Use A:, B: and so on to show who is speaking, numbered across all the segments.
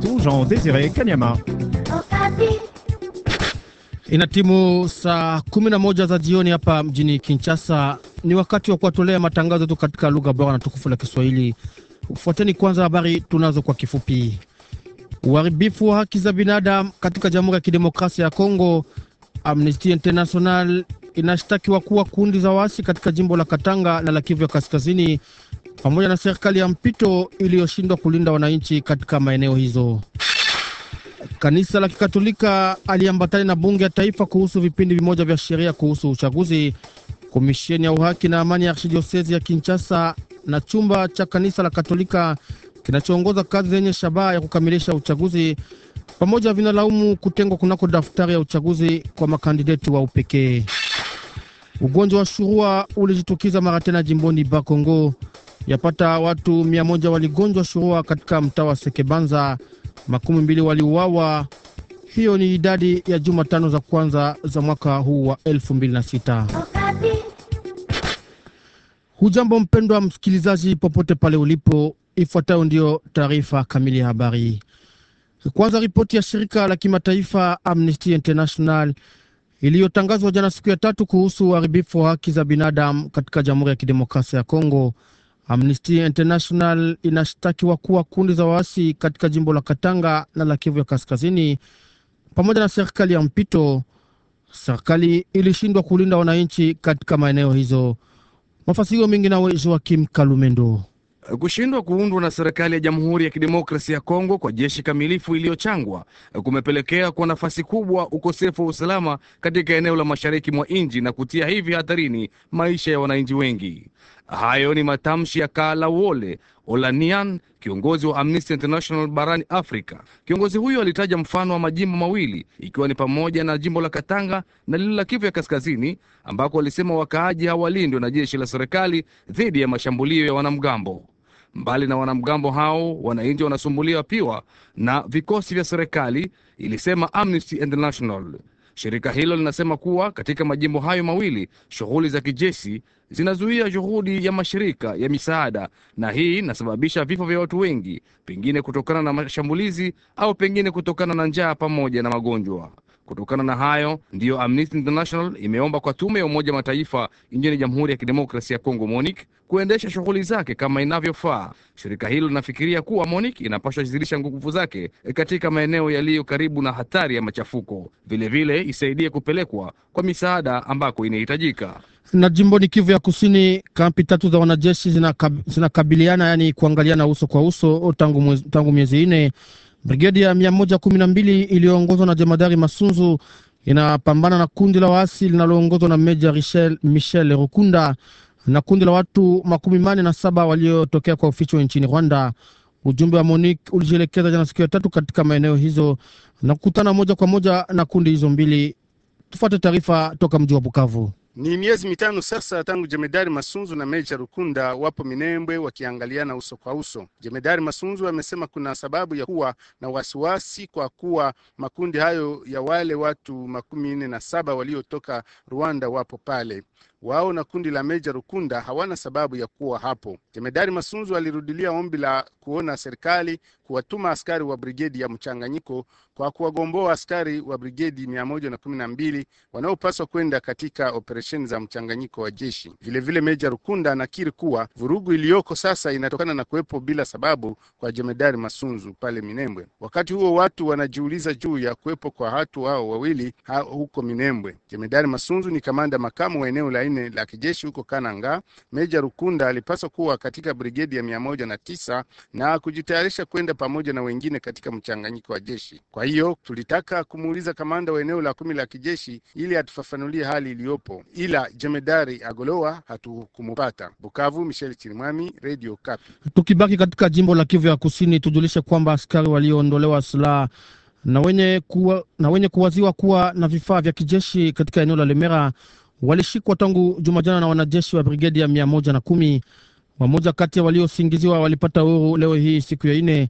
A: tout, Jean Desire Kanyama. Ina timu saa kumi na moja za jioni hapa mjini Kinshasa. Ni wakati wa kuwatolea matangazo yetu katika lugha bora na tukufu la Kiswahili. Fuateni kwanza habari tunazo kwa kifupi. Uharibifu wa haki za binadamu katika Jamhuri ya Kidemokrasia ya Kongo. Amnesty International inashtakiwa kuwa kundi za waasi katika jimbo la Katanga na la Kivu ya Kaskazini pamoja na serikali ya mpito iliyoshindwa kulinda wananchi katika maeneo hizo. Kanisa la Kikatolika aliambatana na bunge ya taifa kuhusu vipindi vimoja vya sheria kuhusu uchaguzi. Komisheni ya uhaki na amani ya archidiosezi ya Kinshasa na chumba cha kanisa la Katolika kinachoongoza kazi zenye shabaha ya kukamilisha uchaguzi pamoja vinalaumu kutengwa kunako daftari ya uchaguzi kwa makandideti wa upekee. Ugonjwa wa shurua ulijitukiza mara tena jimboni Bakongo yapata watu mia moja waligonjwa shurua katika mtaa wa Sekebanza, makumi mbili waliuawa. Hiyo ni idadi ya juma tano za kwanza za mwaka huu wa 2006. Hujambo mpendwa msikilizaji, popote pale ulipo, ifuatayo ndiyo taarifa kamili ya habari. Kwanza, ripoti ya shirika la kimataifa Amnesty International iliyotangazwa jana siku ya tatu kuhusu uharibifu wa haki za binadamu katika Jamhuri ya Kidemokrasia ya Kongo. Amnesty International inashtakiwa kuwa kundi za waasi katika jimbo la Katanga na la Kivu ya Kaskazini pamoja na serikali ya mpito. Serikali ilishindwa kulinda wananchi katika maeneo hizo. Mafasirio mengi nawe Joakim Kalumendo.
B: Kushindwa kuundwa na serikali ya Jamhuri ya Kidemokrasia ya Kongo kwa jeshi kamilifu iliyochangwa kumepelekea kwa nafasi kubwa ukosefu wa usalama katika eneo la mashariki mwa nchi na kutia hivi hatarini maisha ya wananchi wengi. Hayo ni matamshi ya Kala Wole Olanian, kiongozi wa Amnesty International barani Afrika. Kiongozi huyo alitaja mfano wa majimbo mawili ikiwa ni pamoja na jimbo la Katanga na lile la Kivu ya Kaskazini, ambako walisema wakaaji hawalindwe na jeshi la serikali dhidi ya mashambulio ya wanamgambo. Mbali na wanamgambo hao, wananchi wanasumbuliwa pia na vikosi vya serikali, ilisema Amnesty International. Shirika hilo linasema kuwa katika majimbo hayo mawili shughuli za kijeshi zinazuia juhudi ya mashirika ya misaada, na hii inasababisha vifo vya watu wengi, pengine kutokana na mashambulizi au pengine kutokana na njaa pamoja na magonjwa. Kutokana na hayo ndiyo Amnesty International imeomba kwa tume ya Umoja Mataifa nchini Jamhuri ya Kidemokrasia ya Kongo monic kuendesha shughuli zake kama inavyofaa. Shirika hilo linafikiria kuwa monic inapaswa zilisha nguvu zake katika maeneo yaliyo karibu na hatari ya machafuko, vilevile isaidie kupelekwa kwa misaada ambako inahitajika.
A: Na jimboni Kivu ya Kusini, kampi tatu za wanajeshi zinakabiliana, yani kuangaliana uso kwa uso tangu, tangu miezi nne Brigedi ya 112 iliyoongozwa na jemadari Masunzu inapambana na kundi la waasi linaloongozwa na meja Michel Rukunda na kundi la watu makumi mane na saba waliotokea kwa uficho nchini Rwanda. Ujumbe wa MONUC ulijielekeza jana siku ya tatu katika maeneo hizo na kukutana moja kwa moja na kundi hizo mbili. Tufuate taarifa toka mji wa Bukavu.
C: Ni miezi mitano sasa tangu jemedari Masunzu na meja Rukunda wapo Minembwe wakiangaliana uso kwa uso. Jemedari Masunzu amesema kuna sababu ya kuwa na wasiwasi kwa kuwa makundi hayo ya wale watu makumi nne na saba waliotoka Rwanda wapo pale wao na kundi la Meja Rukunda hawana sababu ya kuwa hapo. Jemedari Masunzu alirudilia ombi la kuona serikali kuwatuma askari wa brigedi ya mchanganyiko kwa kuwagomboa askari wa brigedi 112 wanaopaswa kwenda katika operesheni za mchanganyiko wa jeshi. Vilevile, Meja Rukunda anakiri kuwa vurugu iliyoko sasa inatokana na kuwepo bila sababu kwa Jemedari Masunzu pale Minembwe. Wakati huo watu wanajiuliza juu ya kuwepo kwa watu hao wawili huko Minembwe. Jemedari Masunzu ni kamanda makamu wa eneo la arobaini la kijeshi huko Kananga, Meja Rukunda alipaswa kuwa katika brigedi ya mia moja na tisa na kujitayarisha kwenda pamoja na wengine katika mchanganyiko wa jeshi. Kwa hiyo tulitaka kumuuliza kamanda wa eneo la kumi la kijeshi ili atufafanulie hali iliyopo, ila jemedari Agolowa hatukumupata. Bukavu, Michel Chirimwami, Radio Kapi.
A: Tukibaki katika jimbo la Kivu ya Kusini, tujulishe kwamba askari walioondolewa silaha na wenye kuwaziwa kuwa na vifaa vya kijeshi katika eneo la Lemera walishikwa tangu Jumajana na wanajeshi wa brigedi ya mia moja na kumi. Wamoja kati ya waliosingiziwa walipata uhuru leo hii siku ya ine.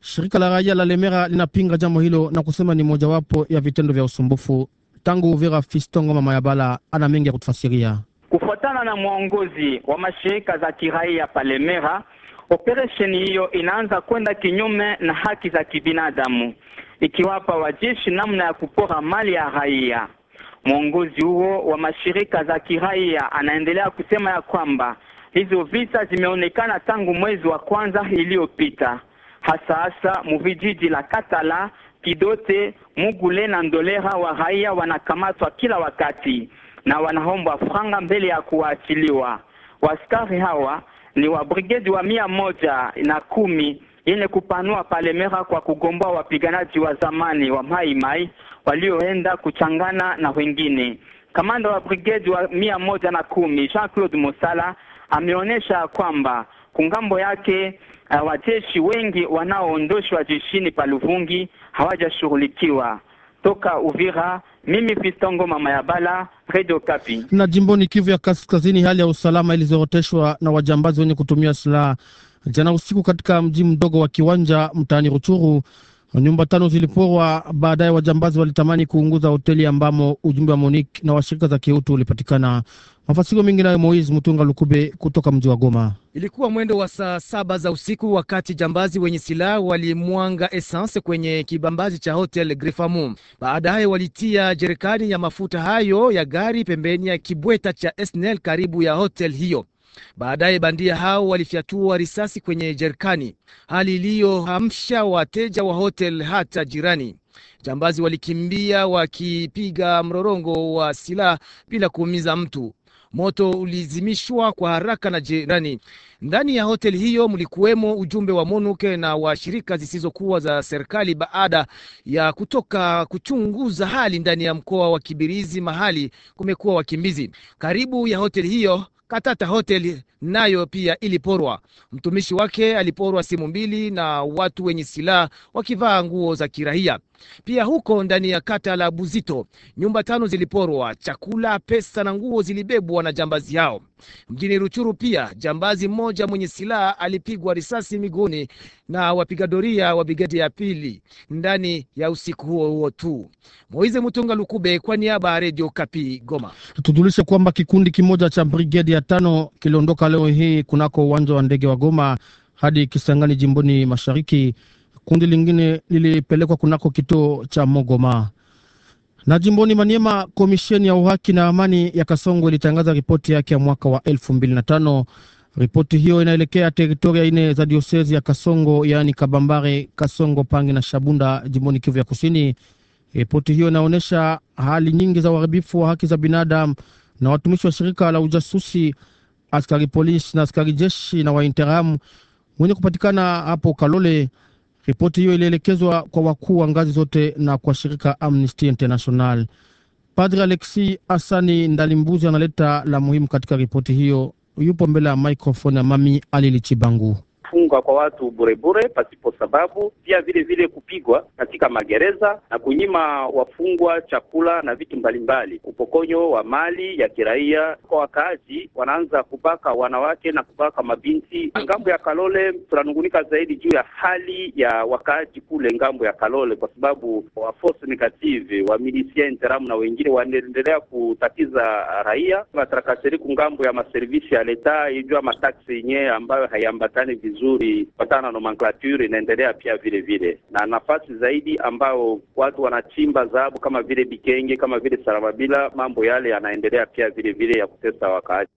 A: Shirika la raia la Lemera linapinga jambo hilo na kusema ni mojawapo ya vitendo vya usumbufu. Tangu Vera Fistongo mama ya Bala ana mengi ya kutufasiria.
D: Kufuatana na mwongozi wa mashirika za kiraia lemera operesheni hiyo inaanza kwenda kinyume na haki za kibinadamu, ikiwapa wajeshi namna ya kupora mali ya raia. Mwongozi huo wa mashirika za kiraia anaendelea kusema ya kwamba hizo visa zimeonekana tangu mwezi wa kwanza iliyopita, hasa hasa muvijiji la Katala, Kidote, Mugule na Ndolera. Wa raia wanakamatwa kila wakati na wanaombwa franga mbele ya kuwaachiliwa. Waskari hawa ni wa brigedi wa mia moja na kumi yenye kupanua Palemera kwa kugomboa wapiganaji wa zamani wa Mai Mai walioenda kuchangana na wengine. Kamanda wa brigedi wa mia moja na kumi Jean Claude Mosala ameonyesha kwamba kungambo yake uh, wajeshi wengi wanaoondoshwa jeshini pa Luvungi hawajashughulikiwa toka Uvira. Mimi Fistongo mama ya Bala, Radio Kapi.
A: Na jimboni Kivu ya Kaskazini, hali ya usalama ilizoroteshwa na wajambazi wenye kutumia silaha jana usiku katika mji mdogo wa Kiwanja mtaani Ruchuru. Nyumba tano ziliporwa. Baadaye wajambazi walitamani kuunguza hoteli ambamo ujumbe wa Monique na washirika za kiutu ulipatikana. Mafasiko mengi nayo Moise Mutunga Lukube kutoka mji wa Goma.
E: Ilikuwa mwendo wa saa saba za usiku wakati jambazi wenye silaha walimwanga essence kwenye kibambazi cha hotel Grifamu. Baadaye walitia jerikani ya mafuta hayo ya gari pembeni ya kibweta cha SNL karibu ya hotel hiyo. Baadaye bandia hao walifyatua risasi kwenye jerikani, hali iliyohamsha wateja wa hotel hata jirani. Jambazi walikimbia wakipiga mrorongo wa silaha bila kuumiza mtu. Moto ulizimishwa kwa haraka na jirani. Ndani ya hoteli hiyo mlikuwemo ujumbe wa Monuke na wa shirika zisizokuwa za serikali baada ya kutoka kuchunguza hali ndani ya mkoa wa Kibirizi mahali kumekuwa wakimbizi. Karibu ya hoteli hiyo Katata Hotel nayo pia iliporwa. Mtumishi wake aliporwa simu mbili na watu wenye silaha wakivaa nguo za kiraia. Pia huko ndani ya kata la Buzito nyumba tano ziliporwa, chakula, pesa na nguo zilibebwa na jambazi hao. Mjini Ruchuru pia jambazi mmoja mwenye silaha alipigwa risasi miguuni na wapiga doria wa brigedi ya pili ndani ya usiku huo huo tu. Moize Mutunga Lukube kwa niaba ya Redio Kapi Goma.
A: Tutujulishe kwamba kikundi kimoja cha brigedi ya tano kiliondoka leo hii kunako uwanja wa ndege wa Goma hadi Kisangani jimboni mashariki kundi lingine lilipelekwa kunako kituo cha Mogoma. Na jimboni Maniema, komisheni ya uhaki na amani ya Kasongo ilitangaza ripoti yake ya mwaka wa 2005. Ripoti hiyo inaelekea teritoria ine za diosezi ya Kasongo, yaani Kabambare, Kasongo, Pange na Shabunda, jimboni Kivu ya Kusini. Ripoti hiyo inaonyesha hali nyingi za uharibifu wa haki za binadamu na watumishi wa shirika la ujasusi, askari polisi na askari jeshi na wainteramu wenye kupatikana hapo Kalole. Ripoti hiyo ilielekezwa kwa wakuu wa ngazi zote na kwa shirika Amnesty International. Padre Alexi Asani Ndalimbuzi analeta la muhimu katika ripoti hiyo, yupo mbele ya microphone ya Mami Alilichibangu
D: kufungwa kwa watu burebure pasipo sababu, pia vile vile kupigwa katika magereza na kunyima wafungwa chakula na vitu mbalimbali, upokonyo wa mali ya kiraia. Kwa wakaaji wanaanza kubaka wanawake na kubaka mabinti. Ngambo ya Kalole tunanungunika zaidi juu ya hali ya wakaaji kule ngambo ya Kalole, kwa sababu wa force negative wa milisia interamu na wengine wanaendelea kutatiza raia. Batarakaseriku ngambo ya maservisi ya leta ijua mataksi yenyewe ambayo haiambatani vizuri vizuri, na nomenclature inaendelea pia vile vile, na nafasi zaidi ambao watu wanachimba dhahabu kama vile Bikenge, kama vile Saramabila, mambo yale yanaendelea pia vile vile ya kutesa wakaaji.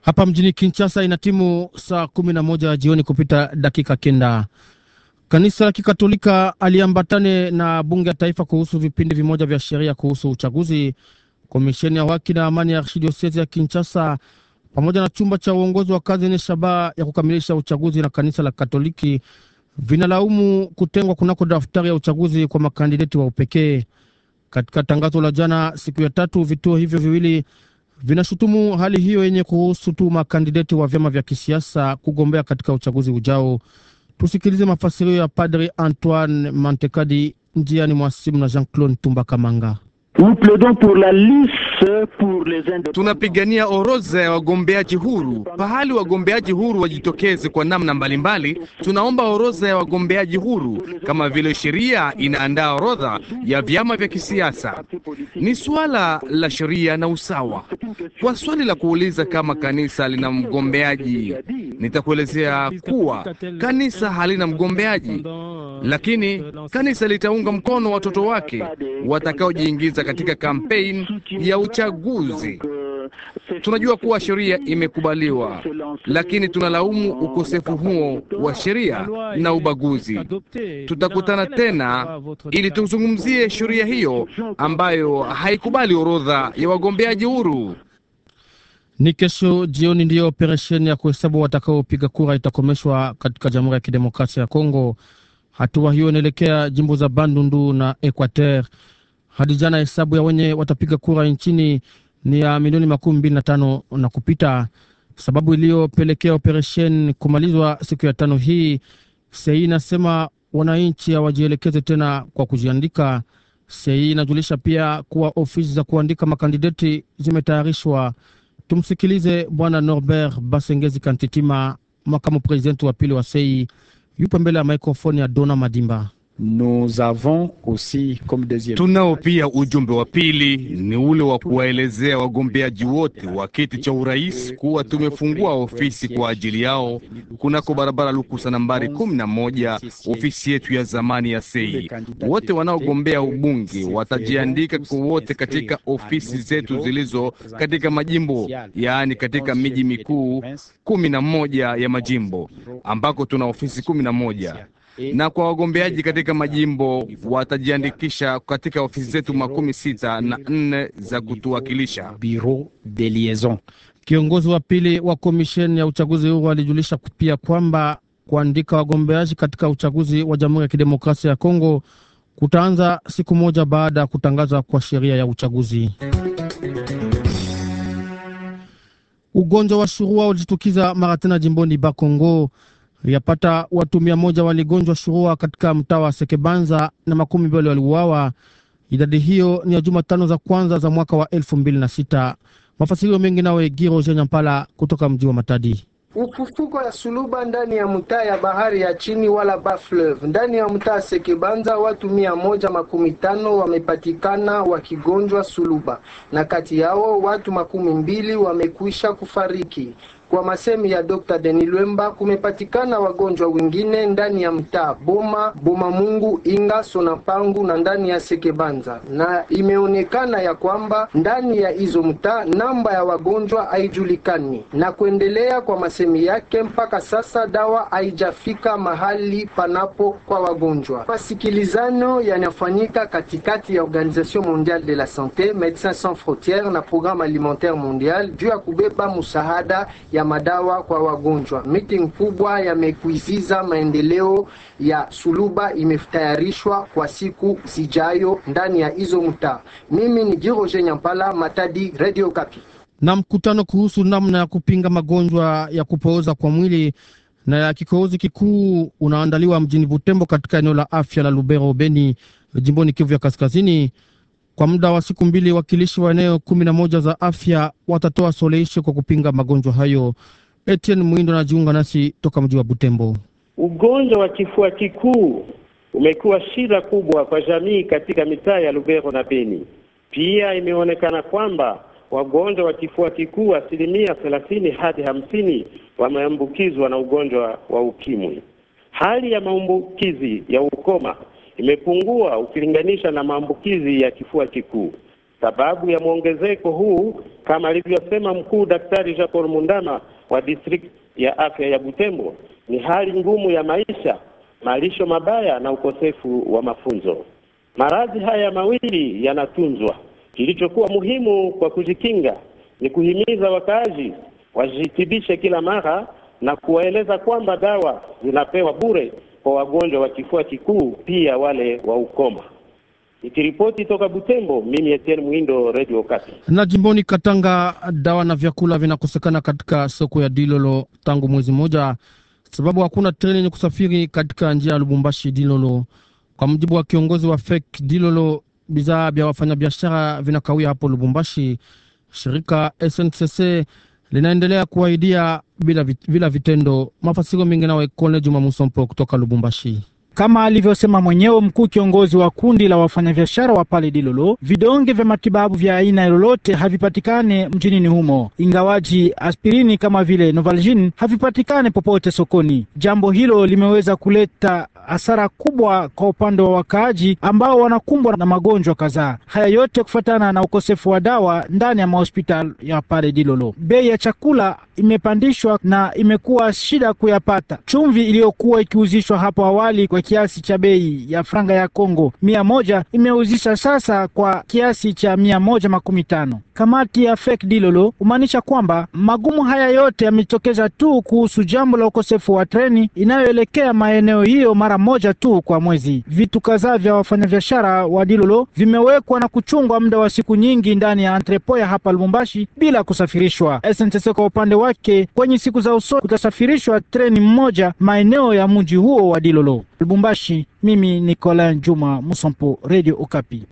A: Hapa mjini Kinshasa ina timu saa kumi na moja jioni kupita dakika kenda. Kanisa la Kikatolika aliambatane na bunge la taifa kuhusu vipindi vimoja vya sheria kuhusu uchaguzi. Komisheni ya haki na amani ya archidiosezi ya Kinshasa pamoja na chumba cha uongozi wa kazi yenye shabaha ya kukamilisha uchaguzi na kanisa la Katoliki vinalaumu kutengwa kunako daftari ya uchaguzi kwa makandideti wa upekee. Katika tangazo la jana siku ya tatu, vituo hivyo viwili vinashutumu hali hiyo yenye kuhusu tu makandideti wa vyama vya kisiasa kugombea katika uchaguzi ujao. Tusikilize mafasirio ya Padri Antoine Mantekadi njiani mwa simu na Jean Claude Tumba Kamanga.
B: Nous plaidons pour la liste Tunapigania orodha ya wagombeaji huru, pahali wagombeaji huru wajitokeze kwa namna mbalimbali. Tunaomba orodha ya wagombeaji huru kama vile sheria inaandaa orodha ya vyama vya kisiasa. Ni suala la sheria na usawa. Kwa swali la kuuliza kama kanisa lina mgombeaji, nitakuelezea kuwa kanisa halina mgombeaji lakini kanisa litaunga mkono watoto wake watakaojiingiza katika kampeni ya uchaguzi. Tunajua kuwa sheria imekubaliwa, lakini tunalaumu ukosefu huo wa sheria na ubaguzi. Tutakutana tena ili tuzungumzie sheria hiyo ambayo haikubali orodha ya wagombeaji huru. Ni kesho jioni
A: ndiyo operesheni ya kuhesabu watakaopiga kura itakomeshwa katika Jamhuri ya Kidemokrasia ya Kongo. Hatua hiyo inaelekea jimbo za Bandundu na Equateur. Hadi jana hesabu ya wenye watapiga kura nchini ni ya milioni makumi mbili na tano na kupita. Sababu iliyopelekea operesheni kumalizwa siku ya tano hii, sei inasema wananchi hawajielekeze tena kwa kujiandika. Sei inajulisha pia kuwa ofisi za kuandika makandideti zimetayarishwa. Tumsikilize Bwana Norbert Basengezi Kantitima, makamu prezidenti wa pili wa sei yupo mbele ya maikrofoni ya Dona Madimba.
B: Tunao pia ujumbe wa pili, ni ule wa kuwaelezea wagombeaji wote wa kiti cha urais kuwa tumefungua ofisi kwa ajili yao kunako barabara Lukusa nambari kumi na moja, ofisi yetu ya zamani ya Sei. Wote wanaogombea ubunge watajiandika wote katika ofisi zetu zilizo katika majimbo, yaani katika miji mikuu kumi na moja ya majimbo ambako tuna ofisi kumi na moja na kwa wagombeaji katika majimbo watajiandikisha katika ofisi zetu makumi sita na nne za kutuwakilisha.
A: Kiongozi wa pili wa komisheni ya uchaguzi huo alijulisha pia kwamba kuandika wagombeaji katika uchaguzi wa Jamhuri ya Kidemokrasia ya Kongo kutaanza siku moja baada ya kutangazwa kwa sheria ya uchaguzi. Ugonjwa wa shurua ulijitukiza mara tena jimboni Bakongo yapata watu mia moja waligonjwa shurua katika mtaa wa Sekebanza na makumi mbili waliuawa. Idadi hiyo ni ya juma tano za kwanza za mwaka wa elfu mbili na sita. Mafasirio mengi nawe Giro Nyampala kutoka mji wa Matadi.
F: Ufufuko ya suluba ndani ya mtaa ya bahari ya chini wala Bafleuve ndani ya mtaa Sekebanza, watu mia moja makumi tano wamepatikana wakigonjwa suluba, na kati yao watu makumi mbili wamekwisha kufariki. Kwa masemi ya Dr. Denis Lwemba, kumepatikana wagonjwa wengine ndani ya mtaa Boma, Boma Mungu, Inga, Sonapangu na ndani ya Sekebanza, na imeonekana ya kwamba ndani ya hizo mtaa namba ya wagonjwa haijulikani. Na kuendelea kwa masemi yake, mpaka sasa dawa haijafika mahali panapo kwa wagonjwa. Masikilizano yanafanyika katikati ya Organisation Mondiale de la Santé, Médecins Sans Frontières na Programme Alimentaire Mondial juu ya kubeba msaada ya ya madawa kwa wagonjwa. Meeting kubwa yamekuiziza maendeleo ya suluba imetayarishwa kwa siku zijayo ndani ya hizo mtaa. Mimi ni Jiroje Nyampala, Matadi, Radio Kapi.
A: Na mkutano kuhusu namna ya kupinga magonjwa ya kupooza kwa mwili na ya kikohozi kikuu unaandaliwa mjini Butembo katika eneo la afya la Lubero Beni, jimboni Kivu ya Kaskazini. Kwa muda wa siku mbili, wakilishi wa eneo kumi na moja za afya watatoa suluhisho kwa kupinga magonjwa hayo. Etienne Mwindo anajiunga nasi toka mji wa Butembo. Ugonjwa wa kifua kikuu
D: umekuwa shida kubwa kwa jamii katika mitaa ya Lubero na Beni. Pia imeonekana kwamba wagonjwa wa kifua kikuu asilimia thelathini hadi
A: hamsini wameambukizwa na ugonjwa wa ukimwi. Hali ya maambukizi ya ukoma imepungua ukilinganisha na maambukizi ya kifua kikuu. Sababu ya mwongezeko huu kama alivyosema mkuu Daktari Jacob Mundama
D: wa district ya afya ya Butembo ni hali ngumu ya maisha, malisho mabaya na ukosefu wa mafunzo. Maradhi haya mawili yanatunzwa. Kilichokuwa muhimu kwa kujikinga ni kuhimiza wakaaji wajitibishe kila mara na kuwaeleza kwamba dawa zinapewa bure kwa wagonjwa wa kifua kikuu, pia wale wa ukoma. Nikiripoti toka Butembo, mimi Etienne
C: Mwindo, Radio Kati.
A: Na jimboni Katanga, dawa na vyakula vinakosekana katika soko ya Dilolo tangu mwezi mmoja, sababu hakuna treni yenye kusafiri katika njia ya Lubumbashi Dilolo. Kwa mujibu wa kiongozi wa fek Dilolo, bidhaa vya wafanyabiashara vinakawia hapo Lubumbashi. Shirika SNCC linaendelea kuahidia bila, vit, bila vitendo. Mafasiko mengi nawe Kone Juma Musompo kutoka Lubumbashi.
G: Kama alivyosema mwenyewe mkuu kiongozi wa kundi la wafanyabiashara wa pale Dilolo, vidonge vya matibabu vya aina lolote havipatikane mjini humo, ingawaji aspirini kama vile Novalgin havipatikane popote sokoni. Jambo hilo limeweza kuleta hasara kubwa kwa upande wa wakaaji ambao wanakumbwa na magonjwa kadhaa. Haya yote kufuatana na ukosefu wa dawa ndani ya mahospitali ya pale Dilolo. Bei ya chakula imepandishwa na imekuwa shida kuyapata. Chumvi iliyokuwa ikiuzishwa hapo awali kwa kiasi cha bei ya franga ya Kongo mia moja imeuzisha sasa kwa kiasi cha mia moja makumi tano. Kamati ya FEC Dilolo humaanisha kwamba magumu haya yote yametokeza tu kuhusu jambo la ukosefu wa treni inayoelekea maeneo hiyo mara moja tu kwa mwezi. Vitu kadhaa vya wafanyabiashara wa Dilolo vimewekwa na kuchungwa muda wa siku nyingi ndani ya antrepo ya hapa Lubumbashi bila kusafirishwa. SNCC kwa upande wake, kwenye siku za usoni kutasafirishwa treni mmoja maeneo ya mji huo wa Dilolo. Lubumbashi, mimi ni Juma Musompo, Radio Okapi.